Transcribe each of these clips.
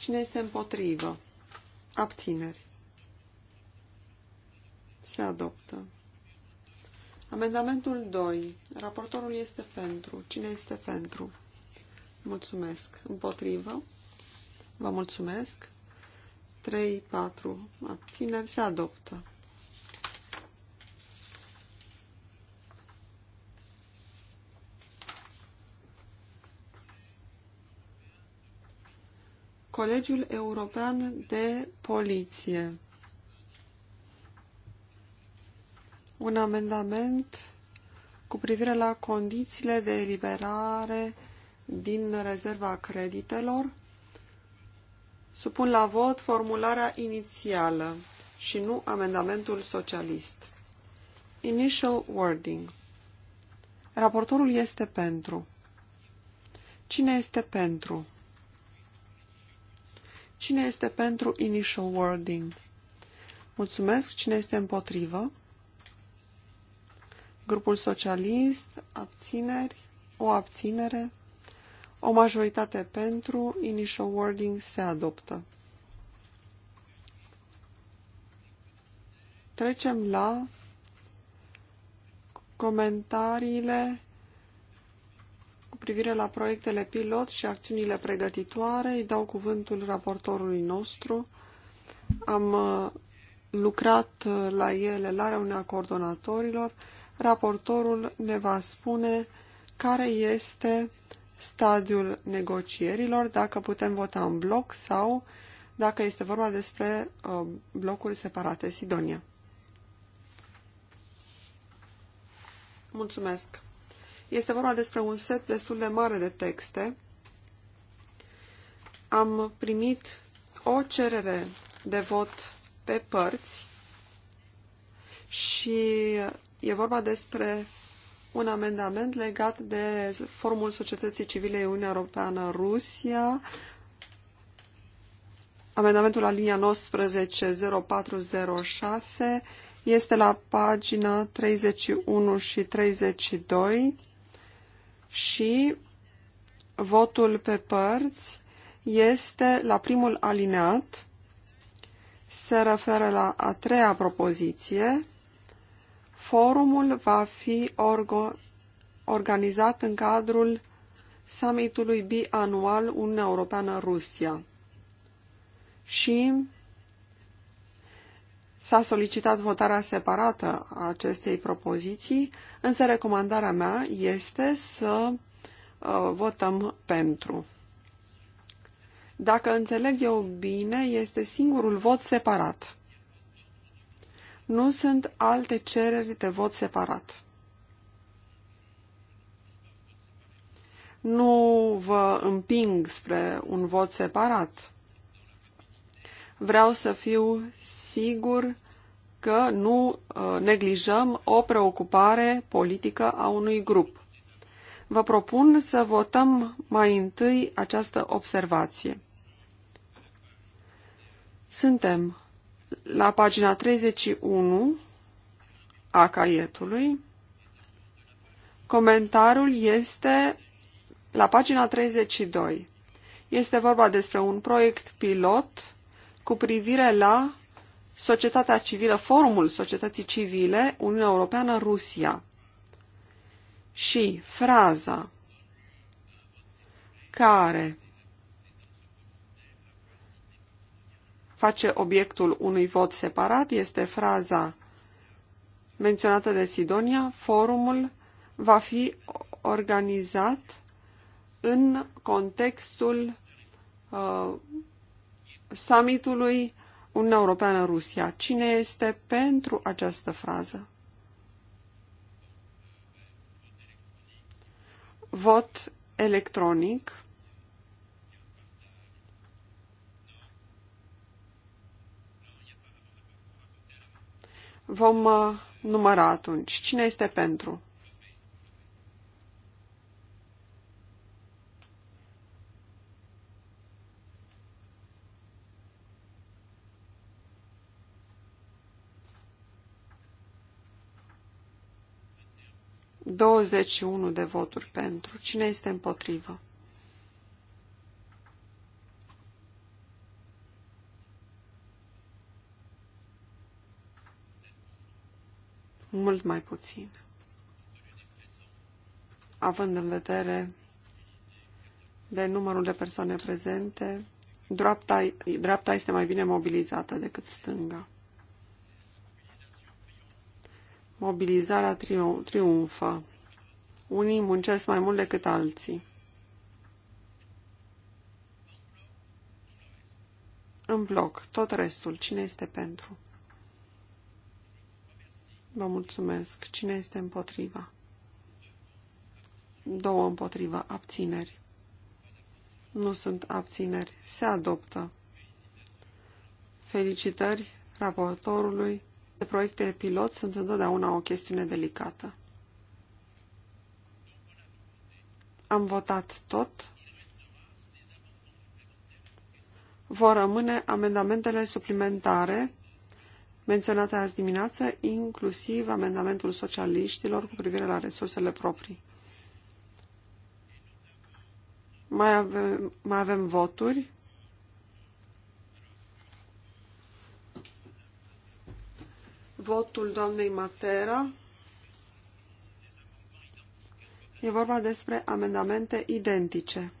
Cine este împotrivă? Abțineri. Se adoptă. Amendamentul 2. Raportorul este pentru. Cine este pentru? Mulțumesc. Împotrivă. Vă mulțumesc. 3, 4. Abțineri. Se adoptă. Colegiul European de Poliție. Un amendament cu privire la condițiile de eliberare din rezerva creditelor. Supun la vot formularea inițială și nu amendamentul socialist. Initial wording. Raportorul este pentru. Cine este pentru? Cine este pentru initial wording? Mulțumesc. Cine este împotrivă? Grupul socialist, abțineri, o abținere, o majoritate pentru, initial wording se adoptă. Trecem la comentariile privire la proiectele pilot și acțiunile pregătitoare. Îi dau cuvântul raportorului nostru. Am uh, lucrat uh, la ele la reunea coordonatorilor. Raportorul ne va spune care este stadiul negocierilor, dacă putem vota în bloc sau dacă este vorba despre uh, blocuri separate. Sidonia. Mulțumesc. Este vorba despre un set destul de mare de texte. Am primit o cerere de vot pe părți și e vorba despre un amendament legat de formul Societății Civile Uniunea Europeană-Rusia, amendamentul la linia 190406 este la pagina 31 și 32 și votul pe părți este la primul alineat, se referă la a treia propoziție, forumul va fi orgo organizat în cadrul summitului bianual Uniunea Europeană-Rusia. Și s-a solicitat votarea separată a acestei propoziții, Însă recomandarea mea este să uh, votăm pentru. Dacă înțeleg eu bine, este singurul vot separat. Nu sunt alte cereri de vot separat. Nu vă împing spre un vot separat. Vreau să fiu sigur că nu ă, neglijăm o preocupare politică a unui grup. Vă propun să votăm mai întâi această observație. Suntem la pagina 31 a caietului. Comentarul este la pagina 32. Este vorba despre un proiect pilot cu privire la societatea civilă, forumul societății civile, Uniunea Europeană, Rusia. Și fraza care face obiectul unui vot separat este fraza menționată de Sidonia, forumul va fi organizat în contextul uh, summitului Uniunea Europeană-Rusia. Cine este pentru această frază? Vot electronic. Vom uh, număra atunci. Cine este pentru? 21 de voturi pentru. Cine este împotrivă? Mult mai puțin. Având în vedere de numărul de persoane prezente, dreapta, dreapta este mai bine mobilizată decât stânga. Mobilizarea triu triumfă. Unii muncesc mai mult decât alții. În bloc, tot restul. Cine este pentru? Vă mulțumesc. Cine este împotriva? Două împotriva. Abțineri. Nu sunt abțineri. Se adoptă. Felicitări raportorului Proiecte pilot sunt întotdeauna o chestiune delicată. Am votat tot. Vor rămâne amendamentele suplimentare menționate azi dimineață, inclusiv amendamentul socialiștilor cu privire la resursele proprii. Mai avem, mai avem voturi votul doamnei Matera. E vorba despre amendamente identice.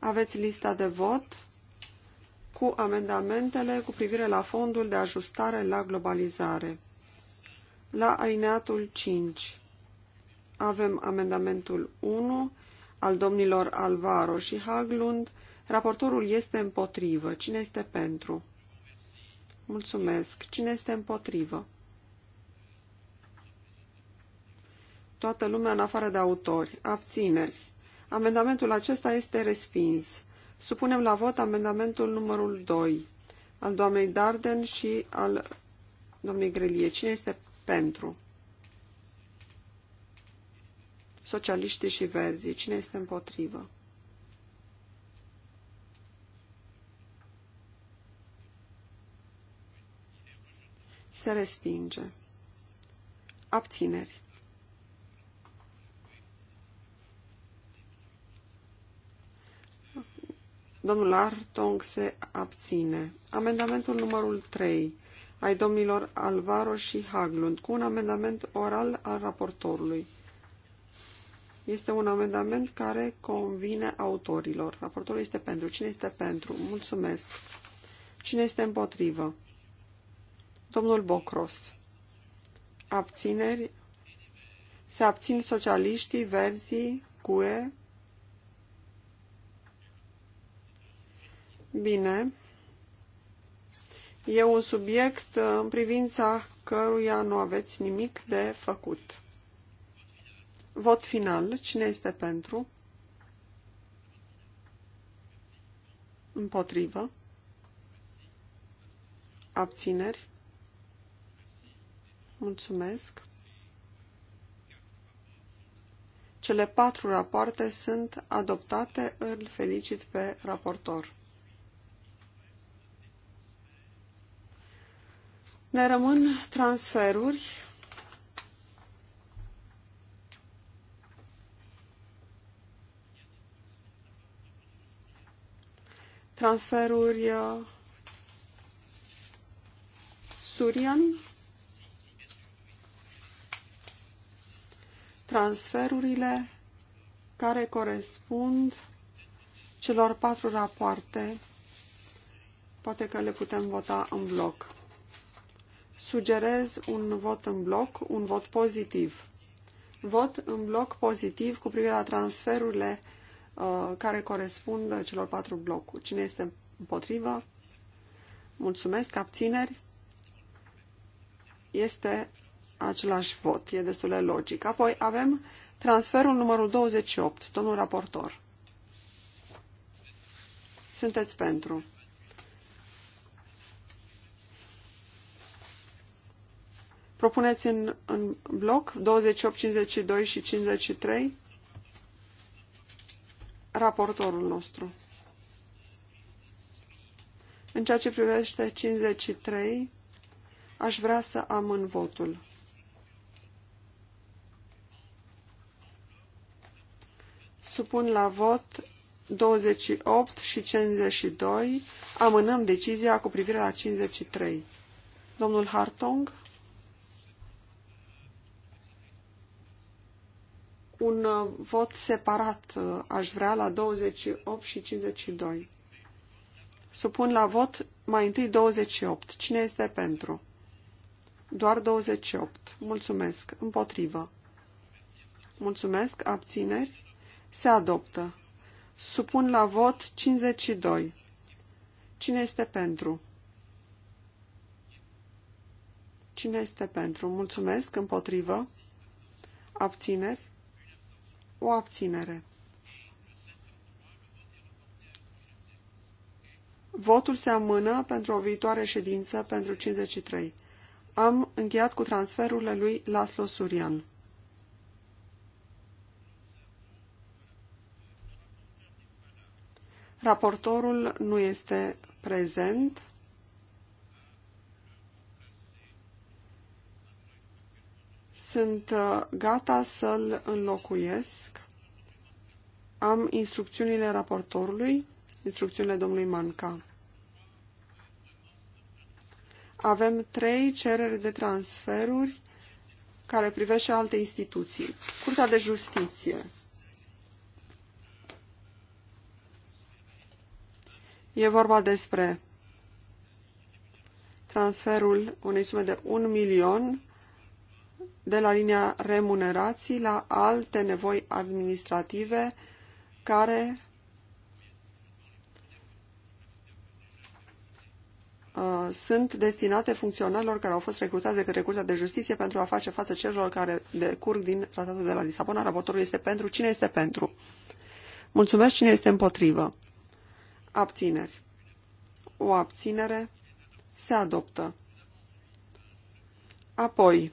Aveți lista de vot cu amendamentele cu privire la fondul de ajustare la globalizare. La alineatul 5 avem amendamentul 1 al domnilor Alvaro și Haglund. Raportorul este împotrivă. Cine este pentru? Mulțumesc. Cine este împotrivă? Toată lumea în afară de autori. Abțineri. Amendamentul acesta este respins. Supunem la vot amendamentul numărul 2 al doamnei Darden și al doamnei Grelie. Cine este pentru? Socialiștii și verzii. Cine este împotrivă? Se respinge. Abțineri. Domnul Artong se abține. Amendamentul numărul 3 ai domnilor Alvaro și Haglund cu un amendament oral al raportorului. Este un amendament care convine autorilor. Raportorul este pentru. Cine este pentru? Mulțumesc. Cine este împotrivă? Domnul Bocros. Abțineri. Se abțin socialiștii, verzii, GUE. Bine. E un subiect uh, în privința căruia nu aveți nimic de făcut. Vot final. Cine este pentru? Împotrivă. Abțineri. Mulțumesc. Cele patru rapoarte sunt adoptate. Îl felicit pe raportor. Ne rămân transferuri. Transferuri uh, Surian transferurile care corespund celor patru rapoarte. Poate că le putem vota în bloc. Sugerez un vot în bloc, un vot pozitiv. Vot în bloc pozitiv cu privire la transferurile uh, care corespund celor patru blocuri. Cine este împotrivă? Mulțumesc, abțineri. Este același vot. E destul de logic. Apoi avem transferul numărul 28, domnul raportor. Sunteți pentru. Propuneți în, în bloc 28, 52 și 53 raportorul nostru. În ceea ce privește 53, aș vrea să amân votul. supun la vot 28 și 52. Amânăm decizia cu privire la 53. Domnul Hartong? Un uh, vot separat uh, aș vrea la 28 și 52. Supun la vot mai întâi 28. Cine este pentru? Doar 28. Mulțumesc. Împotrivă. Mulțumesc. Abțineri. Se adoptă. Supun la vot 52. Cine este pentru? Cine este pentru? Mulțumesc. Împotrivă. Abțineri. O abținere. Votul se amână pentru o viitoare ședință pentru 53. Am încheiat cu transferurile lui Laslo Surian. Raportorul nu este prezent. Sunt uh, gata să-l înlocuiesc. Am instrucțiunile raportorului, instrucțiunile domnului Manca. Avem trei cereri de transferuri care privește alte instituții. Curtea de Justiție, E vorba despre transferul unei sume de 1 milion de la linia remunerații la alte nevoi administrative care uh, sunt destinate funcționarilor care au fost recrutați de către Curtea de Justiție pentru a face față celor care decurg din tratatul de la Lisabona. Raportorul este pentru. Cine este pentru? Mulțumesc. Cine este împotrivă? Abțineri. O abținere se adoptă. Apoi,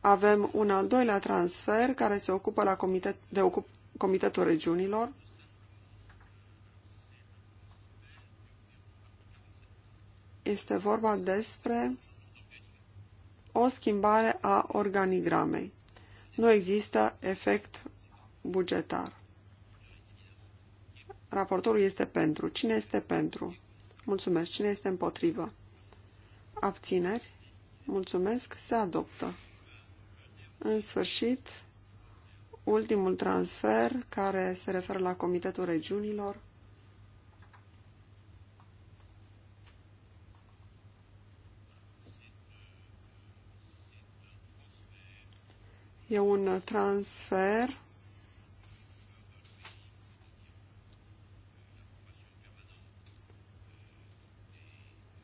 avem un al doilea transfer care se ocupă la comitet, de ocup, Comitetul Regiunilor. Este vorba despre o schimbare a organigramei. Nu există efect bugetar. Raportorul este pentru. Cine este pentru? Mulțumesc. Cine este împotrivă? Abțineri? Mulțumesc. Se adoptă. În sfârșit, ultimul transfer care se referă la Comitetul Regiunilor. E un transfer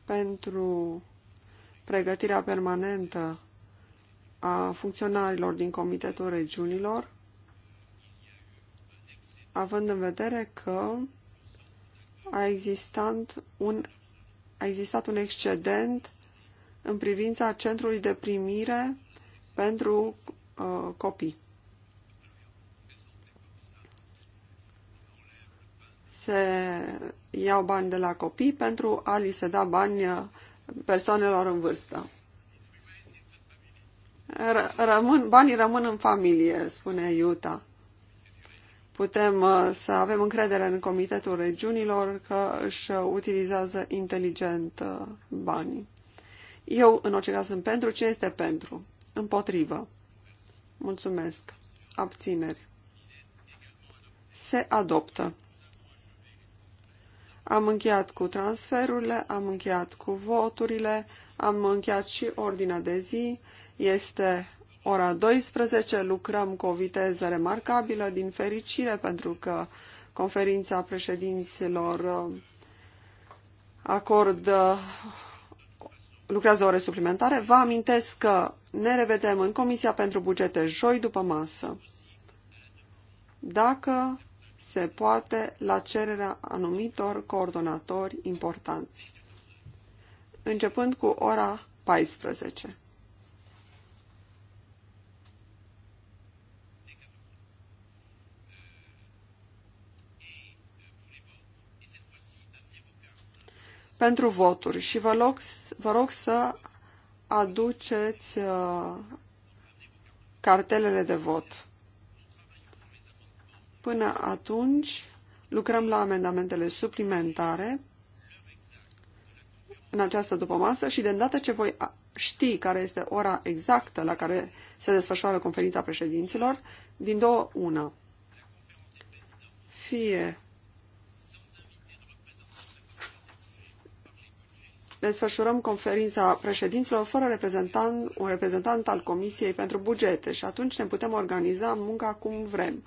pentru pregătirea permanentă a funcționarilor din Comitetul Regiunilor, având în vedere că a existat un, a existat un excedent în privința centrului de primire pentru uh, copii. se iau bani de la copii pentru a li se da bani persoanelor în vârstă. Rămân, banii rămân în familie, spune Iuta. Putem uh, să avem încredere în Comitetul Regiunilor că își utilizează inteligent uh, banii. Eu, în orice caz, sunt pentru. Ce este pentru? Împotrivă. Mulțumesc. Abțineri. Se adoptă. Am încheiat cu transferurile, am încheiat cu voturile, am încheiat și ordinea de zi. Este ora 12, lucrăm cu o viteză remarcabilă, din fericire, pentru că conferința președinților uh, acordă, uh, lucrează ore suplimentare. Vă amintesc că ne revedem în Comisia pentru Bugete joi după masă. Dacă se poate la cererea anumitor coordonatori importanți, începând cu ora 14. pentru voturi și vă rog, vă rog să aduceți uh, cartelele de vot. Până atunci, lucrăm la amendamentele suplimentare în această dupămasă și de îndată ce voi ști care este ora exactă la care se desfășoară conferința președinților, din două una. Fie desfășurăm conferința președinților fără reprezentant, un reprezentant al Comisiei pentru bugete și atunci ne putem organiza munca cum vrem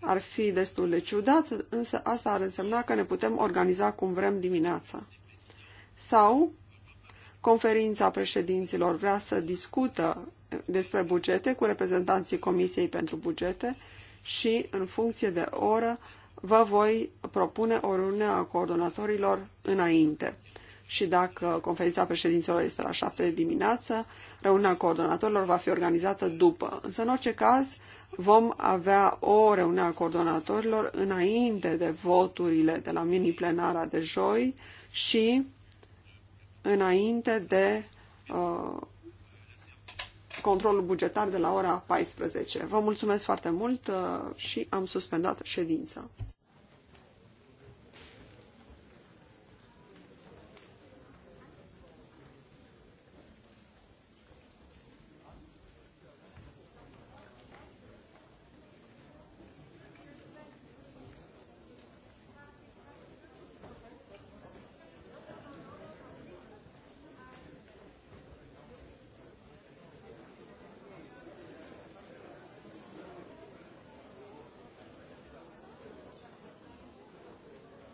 ar fi destul de ciudat, însă asta ar însemna că ne putem organiza cum vrem dimineața. Sau conferința președinților vrea să discută despre bugete cu reprezentanții Comisiei pentru Bugete și, în funcție de oră, vă voi propune o reuniune a coordonatorilor înainte. Și dacă conferința președinților este la șapte de dimineață, reuniunea coordonatorilor va fi organizată după. Însă, în orice caz, vom avea o reuniune a coordonatorilor înainte de voturile de la mini-plenara de joi și înainte de uh, controlul bugetar de la ora 14. Vă mulțumesc foarte mult uh, și am suspendat ședința.